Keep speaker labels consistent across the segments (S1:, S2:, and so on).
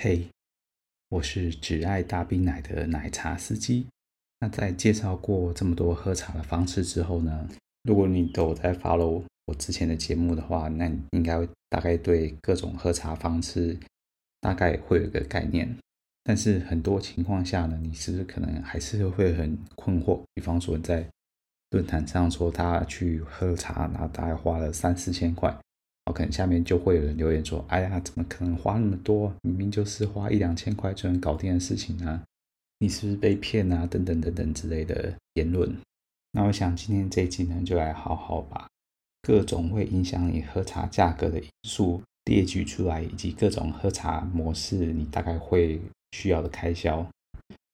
S1: 嘿，hey, 我是只愛大冰奶的奶茶司機。那在介紹過這麼多喝茶的方式之後呢，如果你都在 follow 我之前的節目的話，那你應該大概對各種喝茶方式大概會有個概念。但是很多情況下呢，你是不是可能還是會很困惑。比方說在論壇上說他去喝茶，然後大概花了三四千塊。可能下面就會有人留言說：“哎呀，怎麼可能花那麼多？明明就是花一兩千塊就能搞定的事情呢？啊？你是不是被騙啊？等等等等之類的言論。”那我想今天這一集呢，就來好好把各種會影響你喝茶價格的因素列舉出來，以及各種喝茶模式你大概會需要的開銷。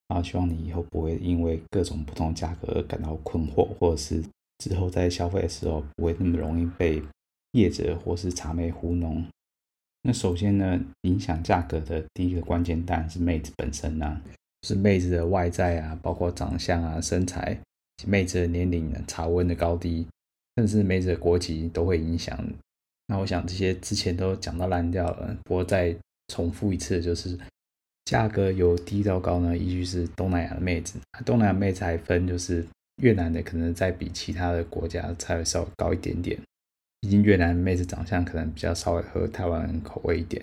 S1: 然後希望你以後不會因為各種不同價格而感到困惑，或者是之後在消費的時候不會那麼容易被業者或是茶妹糊弄，那首先呢，影響價格的第一個關鍵當然是妹子本身啊，就是妹子的外在啊，包括長相啊、身材、妹子的年齡、茶溫的高低，甚至妹子的國籍都會影響。那我想這些之前都講到爛掉了，不過再重複一次，就是價格由低到高呢，依據是東南亞的妹子，東南亞的妹子還分就是越南的，可能再比其他的國家才稍微高一點點。畢竟越南妹子長相可能比較稍微合台灣人口味一點，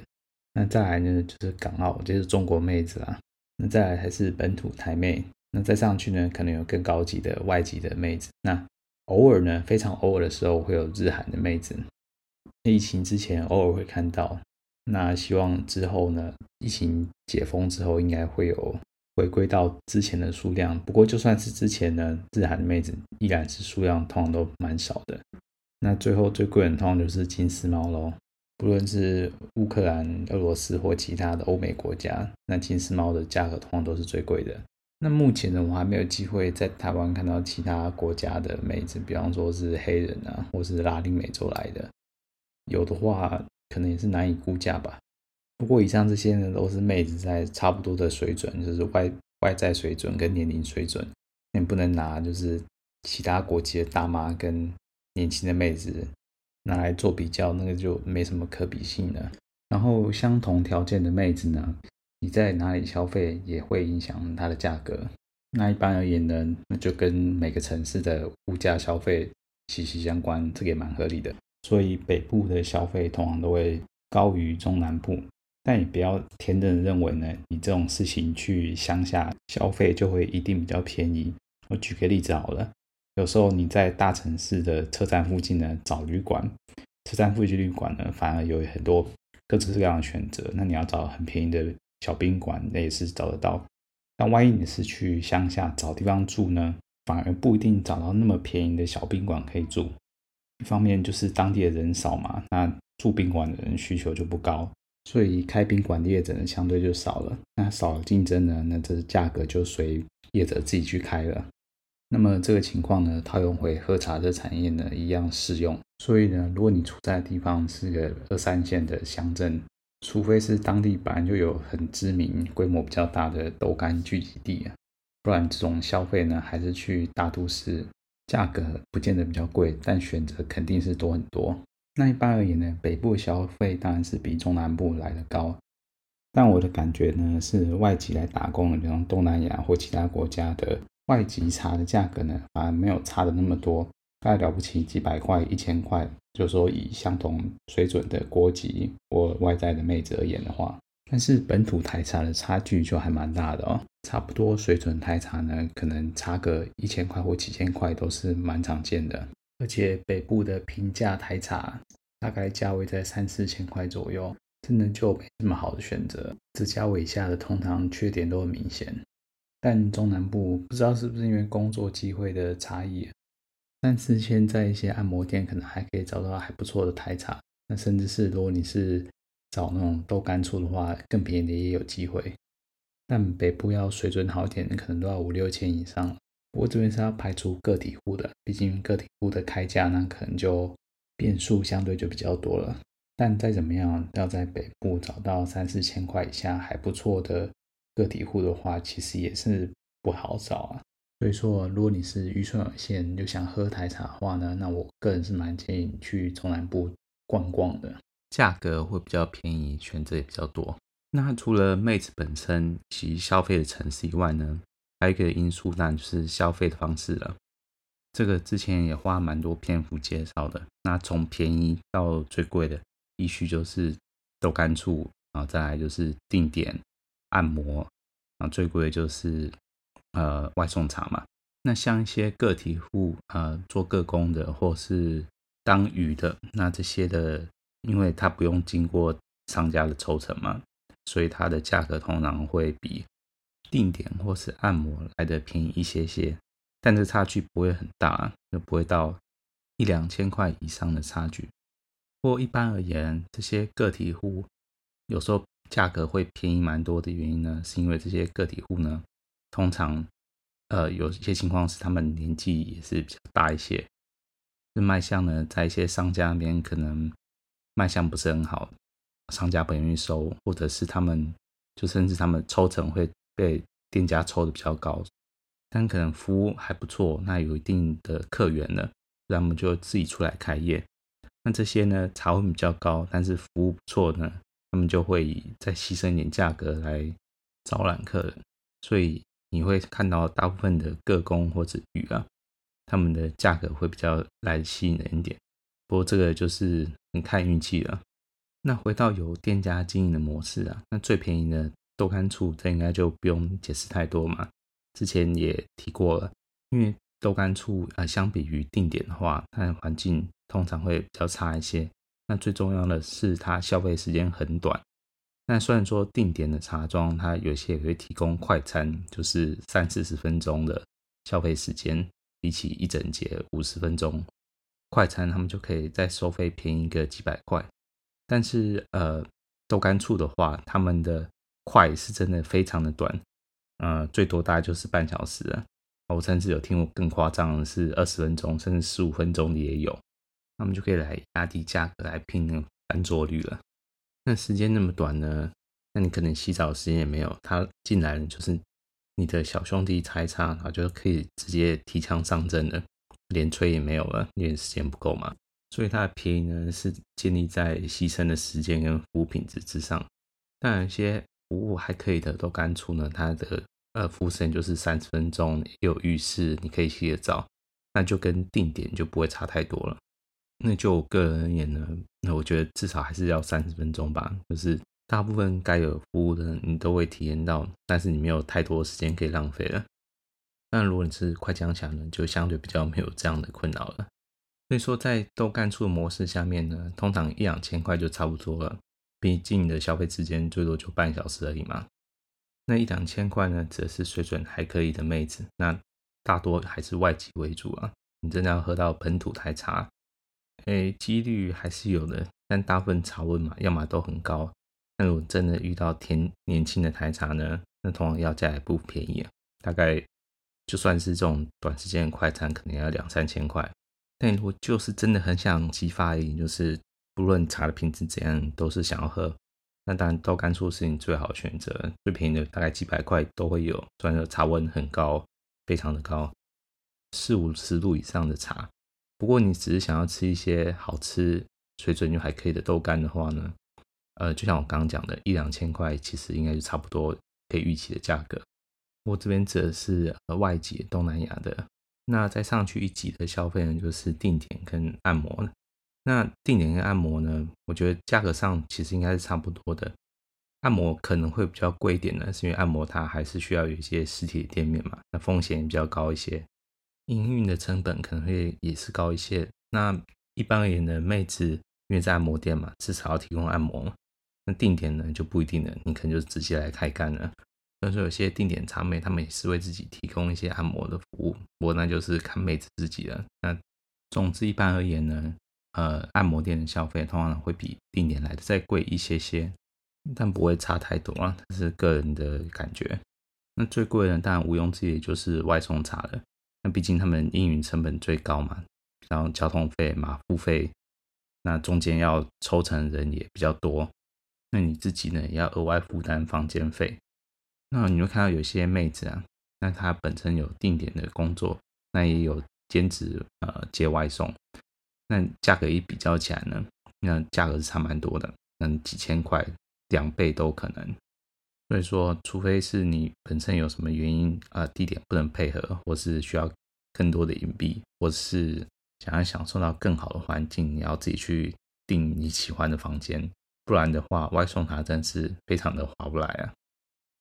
S1: 那再來呢，就是港澳，就是中國妹子啦，那再來還是本土台妹，那再上去呢，可能有更高級的外籍的妹子，那偶爾呢，非常偶爾的時候會有日韓的妹子，疫情之前偶爾會看到，那希望之後呢，疫情解封之後應該會有回歸到之前的數量，不過就算是之前呢，日韓妹子依然是數量通常都蠻少的。那最後最貴的通常就是金絲貓咯不論是烏克蘭、俄羅斯或其他的歐美國家，那金絲貓的價格通常都是最貴的。那目前呢，我還沒有機會在台灣看到其他國家的妹子，比方說是黑人啊，或是拉丁美洲來的，有的話可能也是難以估價吧。不過以上這些呢，都是妹子在差不多的水準，就是外外在水準跟年齡水準，你不能拿就是其他國籍的大媽跟。年輕的妹子拿來做比較，那個就沒什麼可比性了。然後相同條件的妹子呢，你在哪裡消費也會影響它的價格。那一般而言呢，那就跟每個城市的物價消費息息相關，這個也蠻合理的。所以北部的消費通常都會高於中南部，但你不要天真的認為呢，你這種事情去鄉下消費就會一定比較便宜。我舉個例子好了。有時候你在大城市的車站附近呢，找旅館，車站附近旅館呢反而有很多各式各樣的選擇。那你要找很便宜的小賓館，那也是找得到。那萬一你是去鄉下找地方住呢，反而不一定找到那麼便宜的小賓館可以住。一方面就是當地的人少嘛，那住賓館的人需求就不高，所以開賓館的業者呢，相對就少了。那少了競爭呢，那這價格就隨業者自己去開了。那麼這個情況呢，套用回喝茶的產業呢，一樣適用。所以呢，如果你處在的地方是個二三線的鄉鎮，除非是當地本來就有很知名、規模比較大的豆干聚集地啊，不然這種消費呢，還是去大都市，價格不見得比較貴，但選擇肯定是多很多。那一般而言呢，北部消費當然是比中南部來得高，但我的感覺呢，是外籍來打工的，比如東南亞或其他國家的。外籍茶的價格呢，反而沒有差的那麼多，大概了不起幾百塊、一千塊，就說以相同水準的國籍或外在的妹子而言的話，但是本土台茶的差距就還蠻大的哦，差不多水準台茶呢，可能差個一千塊或幾千塊都是蠻常見的，而且北部的平價台茶大概價位在三四千塊左右，真的就沒這麼好的選擇，這價位以下的通常缺點都很明顯。但中南部不知道是不是因為工作機會的差異，但是現在一些按摩店可能還可以找到還不錯的台茶，那甚至是如果你是找那種豆干厝的話，更便宜的也有機會。但北部要水準好一點，可能都要五六千以上了。不過這邊是要排除個體戶的，畢竟個體戶的開價那可能就變數相對就比較多了。但再怎麼樣，要在北部找到三四千塊以下還不錯的。個體戶的話，其實也是不好找啊。所以說，如果你是預算有限又想喝台茶的話呢，那我個人是蠻建議你去中南部逛逛的，價格會比較便宜，選擇也比較多。那除了妹子本身其消費的城市以外呢，還有一個因素，那就是消費的方式了。這個之前也花蠻多篇幅介紹的。那從便宜到最貴的，依序就是豆干厝，然後再來就是定點。按摩啊，最貴的就是呃外送茶嘛。那像一些個體戶呃做個工的，或是當魚的，那這些的，因為他不用經過商家的抽成嘛，所以它的價格通常會比定點或是按摩來的便宜一些些，但這差距不會很大，就不會到一兩千塊以上的差距。不過一般而言，這些個體戶。有時候價格會便宜蠻多的原因呢，是因為這些個體戶呢，通常呃有一些情況是他們年紀也是比較大一些，賣相呢在一些商家那邊可能賣相不是很好，商家不願意收，或者是他們就甚至他們抽成會被店家抽得比較高，但可能服務還不錯，那有一定的客源了，那他們就自己出來開業。那這些呢茶會比較高，但是服務不錯呢。他們就會以再犧牲一點價格來招攬客人，所以你會看到大部分的個工或者魚啊，他們的價格會比較來吸引人一點。不過這個就是很看運氣了啊。那回到由店家經營的模式啊，那最便宜的豆干處，這應該就不用解釋太多嘛。之前也提過了，因為豆干處啊，相比於定點的話，它的環境通常會比較差一些。那最重要的是，它消費時間很短。那雖然說定點的茶莊，它有些也會提供快餐，就是三四十分鐘的消費時間，比起一整節五十分鐘快餐，他們就可以再收費便宜一個幾百塊。但是呃，豆干醋的話，他們的快是真的非常的短，呃，最多大概就是半小時了。我甚至有聽過更誇張的是二十分鐘，甚至十五分鐘的也有。他們就可以來壓低價格來拼那個翻桌率了。那時間那麼短呢？那你可能洗澡時間也沒有，他進來了，就是你的小兄弟擦一擦，然後就可以直接提槍上陣了，連吹也沒有了，因為時間不夠嘛。所以它的便宜呢，是建立在犧牲的時間跟服務品質之上。當然，有些服務還可以的，都干出呢，它的呃附身就是三十分鐘有浴室，你可以洗個澡，那就跟定點就不會差太多了。那就我個人而言呢，那我覺得至少還是要三十分鐘吧，就是大部分該有服務的人你都會體驗到，但是你沒有太多的時間可以浪費了。那如果你是快槍俠呢，就相對比較沒有這樣的困擾了。所以說，在豆干出的模式下面呢，通常一兩千塊就差不多了，畢竟你的消費時間最多就半小時而已嘛。那一兩千塊呢，只是水準還可以的妹子，那大多還是外籍為主啊。你真的要喝到本土台茶，哎，機率還是有的，但大部分茶溫嘛，要麼都很高。但如果真的遇到甜年輕的台茶呢，那通常要價也不便宜啊，大概就算是這種短時間的快餐，可能要兩三千塊。但如果就是真的很想激發一點，就是不論茶的品質怎樣，都是想要喝。那當然，豆干厝是你最好選擇，最便宜的大概幾百塊都會有，雖然說茶溫很高，非常的高，四五十度以上的茶。不過你只是想要吃一些好吃，水準又還可以的豆乾的話呢，呃，就像我剛剛講的，一兩千塊其實應該就差不多可以預期的價格。我這邊指的是外籍東南亞的，那再上去一級的消費呢，就是定點跟按摩了。那定點跟按摩呢，我覺得價格上其實應該是差不多的。按摩可能會比較貴一點呢，是因為按摩它還是需要有一些實體的店面嘛，那風險也比較高一些。營運的成本可能會也是高一些。那一般而言呢，妹子因為在按摩店嘛，至少要提供按摩。那定點呢就不一定了，你可能就直接來開幹了。但、就是有些定點茶妹，他們也是為自己提供一些按摩的服務，不過那就是看妹子自己了。那總之一般而言呢，呃，按摩店的消費通常會比定點來的再貴一些些，但不會差太多啊，這是個人的感覺。那最貴的呢，當然毋庸置疑就是外送茶了。那畢竟他們運營成本最高嘛，然後交通費、馬戶費，那中間要抽成的人也比較多，那你自己呢，也要額外負擔房間費。那你會看到有些妹子啊，那她本身有定點的工作，那也有兼職呃接外送，那價格一比較起來呢，那價格是差蠻多的，那幾千塊，兩倍都可能。所以說，除非是你本身有什麼原因啊，呃，地點不能配合，或是需要更多的隱蔽或是想要享受到更好的環境，你要自己去訂你喜歡的房間，不然的話，外送茶真是非常的划不來啊。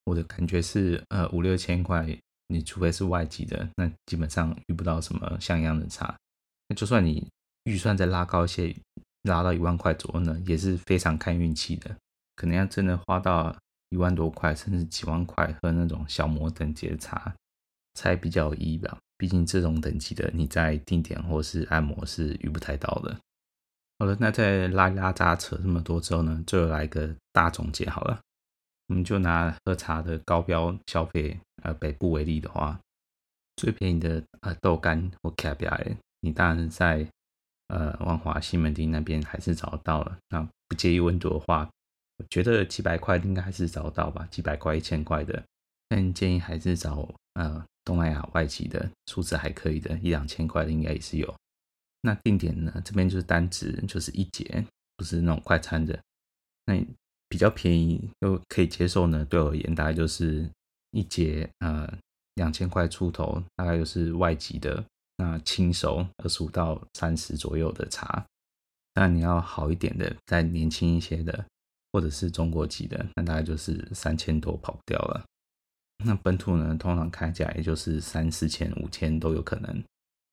S1: 我的感覺是，呃，五六千塊，你除非是外籍的，那基本上遇不到什麼像樣的茶。就算你預算再拉高一些，拉到一萬塊左右呢，也是非常看運氣的，可能要真的花到。一萬多塊，甚至幾萬塊，喝那種，小摩等級的茶才比較有意義吧。畢竟這種等級的，你在定點或是按摩是遇不太到的。好了，那在拉拉雜扯這麼多之後呢，最後來個大總結好了。我們就拿喝茶的高標消費，呃，北部為例的話，最便宜的呃豆干或卡比埃，你當然在呃萬華西門町那邊還是找得到了。那不介意溫度的話。我覺得幾百塊應該還是找得到吧，幾百塊、一千塊的，但建議還是找呃東南亞外籍的，素質還可以的，一兩千塊的應該也是有。那定點呢，這邊就是單指就是一節，不是那種快餐的，那比較便宜又可以接受呢。對我而言，大概就是一節呃兩千塊出頭，大概就是外籍的那輕、呃、熟二十五到三十左右的茶。那你要好一點的，再年輕一些的。或者是中國籍的，那大概就是三千多跑不掉了。那本土呢，通常開價也就是三四千、五千都有可能。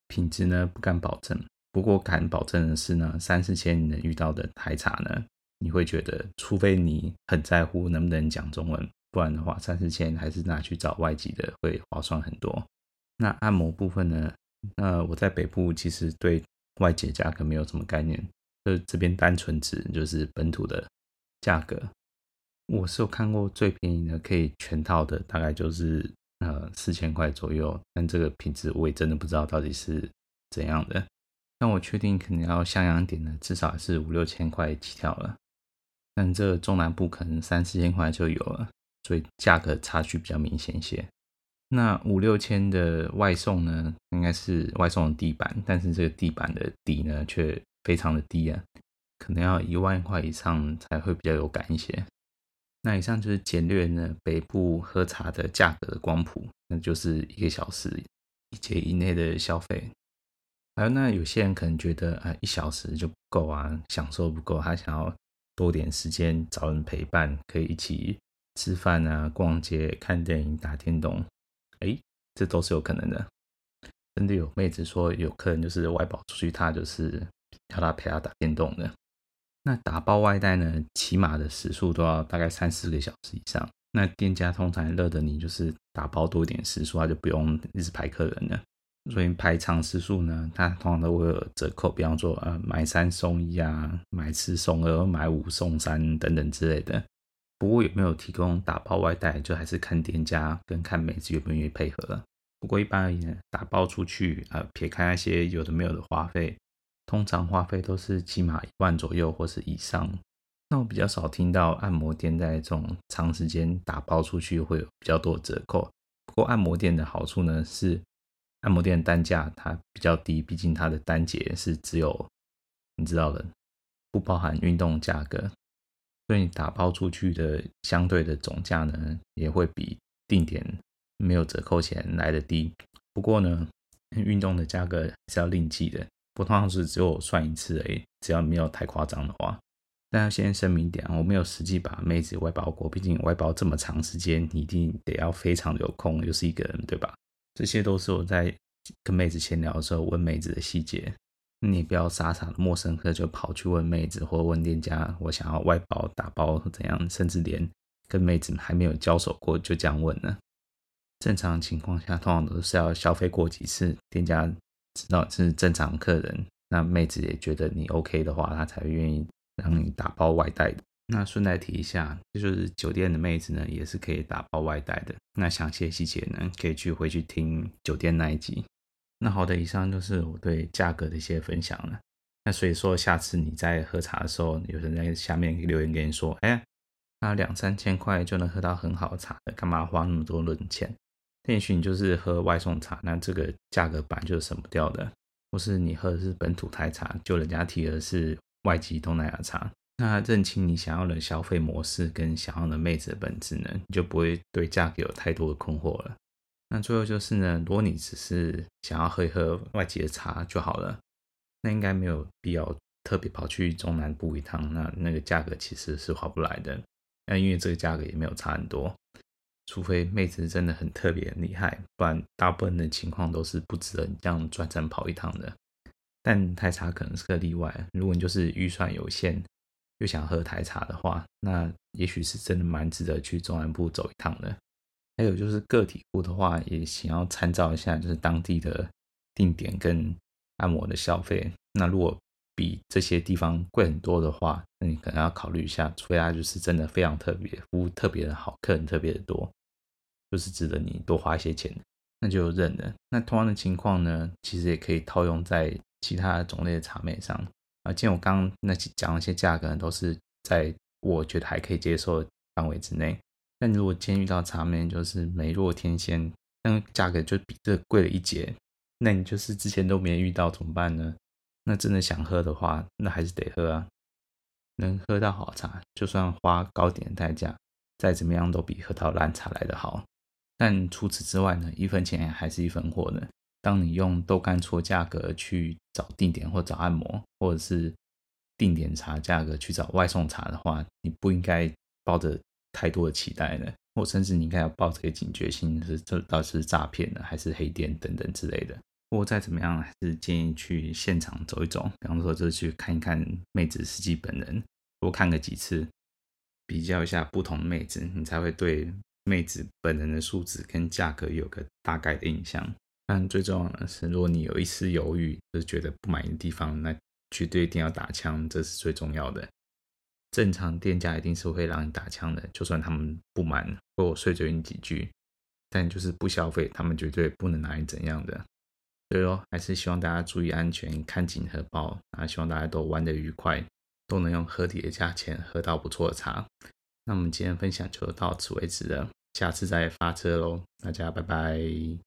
S1: 品質呢，不敢保證，不過敢保證的是呢，三四千你能遇到的台茶呢，你會覺得，除非你很在乎能不能講中文，不然的話，三四千還是拿去找外籍的會划算很多。那按摩部分呢，那我在北部其實對外籍價格沒有什麼概念，就這邊單純指就是本土的。價格我是有看過最便宜的可以全套的，大概就是呃四千塊左右。但這個品質我也真的不知道到底是怎樣的。但我確定肯定要像樣點的，至少是五六千塊起跳了。但這中南部可能三四千塊就有了，所以價格差距比較明顯一些。那五六千的外送呢，應該是外送的地板，但是這個地板的底呢，卻非常的低啊。可能要一萬塊以上才會比較有感一些。那以上就是簡略的北部喝茶的價格的光譜，那就是一個小時一節以內的消費。還有，那有些人可能覺得啊、呃，一小時就不夠啊，享受不夠，他想要多點時間找人陪伴，可以一起吃飯啊、逛街、看電影、打電動。哎、欸，這都是有可能的。真的有妹子說有客人就是外包出去，他就是叫他陪他打電動的。那打包外帶呢，起碼的時數都要大概三四個小時以上。那店家通常樂得你就是打包多一點時數，他就不用一直排客人了。所以排長時數呢，他通常都會有折扣，比方說呃買三送一啊，買四送二，買五送三等等之類的。不過有沒有提供打包外帶，就還是看店家跟看每次願不願意配合了。不過一般而言，打包出去啊、呃，撇開那些有的沒有的花費。通常花費都是起碼一萬左右或是以上，那我比較少聽到按摩店在這種長時間打包出去會有比較多的折扣。不過按摩店的好處呢是，按摩店的單價它比較低，畢竟它的單節是只有你知道的，不包含運動價格，所以打包出去的相對的總價呢也會比定點沒有折扣前來得低。不過呢，運動的價格是要另計的。我通常是只有算一次而已，只要沒有太誇張的話。但要先聲明點，我沒有實際把妹子外包過，畢竟外包這麼長時間，你一定得要非常有空，又是一個人，對吧？這些都是我在跟妹子閒聊的時候問妹子的細節。你不要傻傻的陌生客就跑去問妹子，或者問店家，我想要外包打包怎樣，甚至連跟妹子還沒有交手過就這樣問了。正常情況下，通常都是要消費過幾次，店家。那、no，是正常客人，那妹子也覺得你 OK 的話，她才願意讓你打包外帶的。那順帶提一下，就是酒店的妹子呢，也是可以打包外帶的。那詳細的細節呢，可以去回去聽酒店那一集。那好的，以上就是我對價格的一些分享了。那所以說，下次你在喝茶的時候，有人在下面留言跟你說，哎呀，那兩三千塊就能喝到很好茶的，幹嘛花那麼多論錢？也許你就是喝外送茶，那這個價格本來就是省不掉的；或是你喝的是本土台茶，就人家提的是外籍東南亞茶。那認清你想要的消費模式跟想要的妹子的本質呢，你就不會對價格有太多的困惑了。那最後就是呢，如果你只是想要喝一喝外籍的茶就好了，那應該沒有必要特別跑去中南部一趟。那那個價格其實是划不來的。那因為這個價格也沒有差很多。除非妹子真的很特別厲害，不然大部分的情況都是不值得你這樣專程跑一趟的。但台茶可能是個例外，如果你就是預算有限又想喝台茶的話，那也許是真的蠻值得去中南部走一趟的。還有就是個體戶的話，也想要參照一下就是當地的定點跟按摩的消費。那如果比這些地方貴很多的話，那你可能要考慮一下，除非他就是真的非常特別，服務特別的好，客人特別的多。就是值得你多花一些錢，那就認了。那同樣的情況呢，其實也可以套用在其他種類的茶妹上啊。像我剛那講那些價格，都是在我覺得還可以接受範圍之內。但如果你今天遇到茶妹就是美若天仙，那價格就比這貴了一截，那你就是之前都沒有遇到怎麼辦呢？那真的想喝的話，那還是得喝啊。能喝到好茶，就算花高點的代價，再怎麼樣都比喝到爛茶來得好。但除此之外呢，一分錢還是一分貨呢。當你用豆干厝價格去找定點或找按摩，或者是定點茶價格去找外送茶的話，你不應該抱着太多的期待了，或甚至你應該要抱着一個警覺心，是這到底是詐騙的還是黑店等等之類的。或再怎麼樣，還是建議去現場走一走，比方說就是去看一看妹子實際本人，多看個幾次，比較一下不同妹子，你才會對。妹子本人的素質跟價格有個大概的印象，但最重要的是，如果你有一絲猶豫，就是、覺得不滿意的地方，那絕對一定要打槍，這是最重要的。正常店家一定是會讓你打槍的，就算他們不滿，或我碎嘴你幾句，但就是不消費，他們絕對不能拿你怎樣的。對哦，還是希望大家注意安全，看緊荷包啊！希望大家都玩得愉快，都能用合理的價錢喝到不錯的茶。那我們今天分享就到此為止了。下次再發車嘍，大家拜拜。